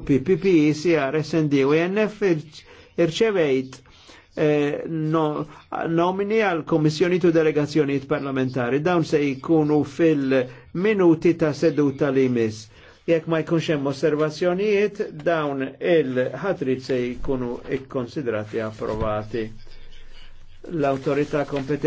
PPP, CR, SND u NF irċevejt eh, nomini għal komissjoni tu delegazzjoniet parlamentari. Dawn se jkunu fil-minuti ta' seduta li mis. Jekk ma jkunx hemm osservazzjonijiet, dawn il-ħatrit se jkunu ikkonsidrati approvati. L-autorità kompetenti